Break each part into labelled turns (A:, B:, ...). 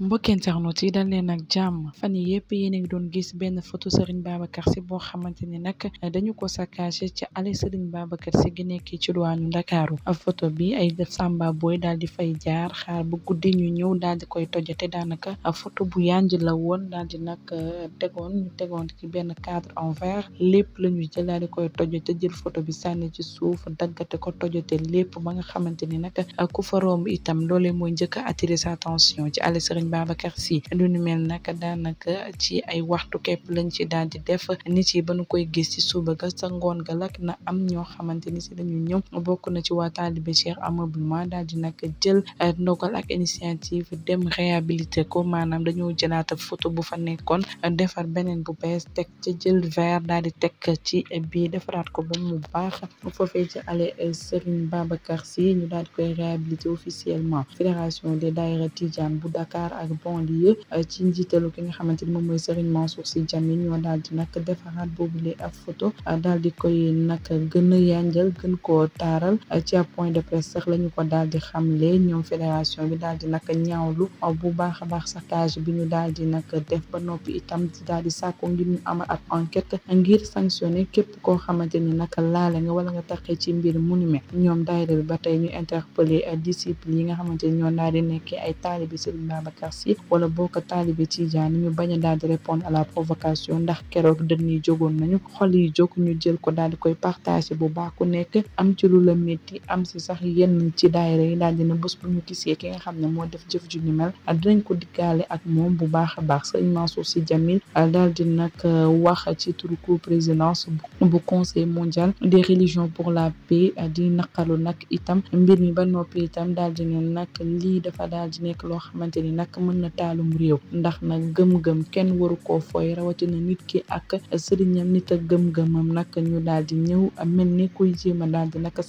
A: mbokk internautes ci dal leen nag jàmm fan yi yëpp yéen a ngi doon gis benn photo Serigne Babacar Sy boo xamante ni nag dañu ko saccagé ci allée Serigne Babacar Sy gi nekkee ci duwaanu Ndakaaru photo bi ay samba booy daal di fay jaar xaar ba guddi ñu ñëw daal di koy tojate daanaka photo bu yanj la woon daal di nag euh, tegoon tegoon ci benn cadre en verre lépp la ñu jël daal di koy tojate jël photo bi sànni ci suuf daggate ko tojate lépp ba nga xamante ni nag ku fa itam loolee mooy njëkk a attirer sa attention ci allée Serigne Serigne Babacar Sy lu nu mel nag daanaka ci ay waxtu képp lañ ci daal di def nit yi ba nu koy gis ci suba ga sa ngoon ga lak na am ñoo xamante ni si dañu ñëw bokk na ci waa taalibe Cheikh Amadou Ma daal di nag jël eh, ndogal ak initiative dem réhabilité ko maanaam dañoo jëlaat photo bu fa nekkoon defar beneen bu bees teg ci jël verre daal di teg ci bii defaraat ko ba mu baax foofee ci allée eh, Serigne Babacar Sy ñu daal di koy réhabilité officiellement fédération des daïra Tidiane bu Dakar ak bon banlieue euh, ci njiitalu ki nga xamante ni moom mooy Serigne Mansour Sy Djamil ñoo daal di nag defaraat boobu boobule ab photo euh, daal di koy nag gën a yanjal gën koo taaral euh, ci ab point de presse sax la ko daal di xamle ñoom fédération bi daal di nag ñaawlu bu baax a baax saccage bi ñu daal di nag def ba noppi itam daal di sàkku ngir ñu amal ak enquête ngir sanctionner képp koo xamante ni nag laale nga wala nga taxee ci mbir mu ni mel ñoom daayira ba tey ñu interpellé disciples yi nga xamante ni ñoo daal di nekkee ay taalibi Serigne Marxiste wala boo talibé ci jani ñu bañ a di répondre à la provocation ndax keroog dënn yi jogon nañu xol yi jóg ñu jël ko dal di koy partager bu baax ku nekk am ci lu la metti am ci sax yenn ci daayira yi daal dina bés bu ñu gisee ki nga xamné mo def jëf ju ni mel dinañ ko digalé ak moom bu baax baax sëñ Mansour Sy Djamil daal di euh, wax ci turu présidence bu conseil mondial des religions pour la paix di nakalu nak itam mbir mi ba nopi itam daal di nak li dafa dal di nek lo xamanteni nak mën na taalum réew ndax nag gëm-gëm kenn waru koo fooy rawatina nit ki ak sëriñam nit ak gëm-gëmam nag ñu daal di ñëw mel ni jéem a daal di naka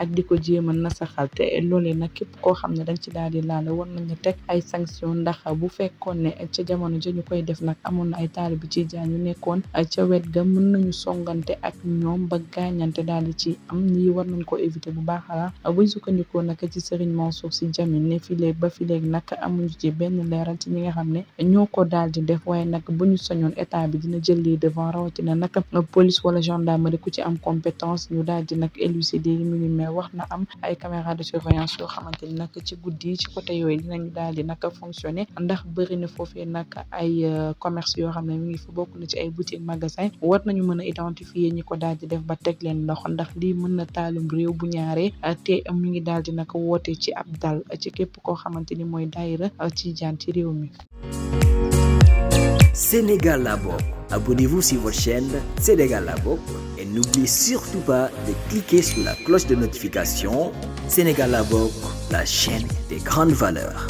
A: ak di ko jéem a nasaxal te loolee nag képp koo xam ne dañ ci daal di laal war nañu teg ay sanction ndax bu fekkoon ne ca jamono ja ñu koy def nag amoon na ay taalibe ci jaan ñu nekkoon ca wet ga mën nañu songante ak ñoom ba gaañante daal di ci am ñii war nañ ko éviter bu baax a buñ sukkandikoo nag ci sëriñ Mansour si jamin ne fileeg ba fileeg nag amuñu ci benn leeral ci ñi nga xam ne ñoo ko daal di def waaye nag bu ñu sañoon état bi dina jël lii devant rawatina nag police wala gendarmerie ku ci am compétence ñu daal di nag élucider yi mu mais wax na am ay caméra de surveillance xamante ni nag ci guddi ci côté yooyu dinañu daal di nag fonctionner ndax bëri na foofee nag ay euh, commerce yoo xam ne mi ngi fa bokk na ci ay boutique magasin war nañu mën a identifier ñi ko daal di def ba teg leen loxo ndax lii mën na taalum réew bu ñaaree te mu ngi daal di nag woote ci ab dal ci képp koo xamante ni mooy daayira
B: Sénégal Abonnez-vous sur votre chaîne Sénégal la et n'oubliez surtout pas de cliquer sur la cloche de notification. Sénégal la chaîne des grandes valeurs.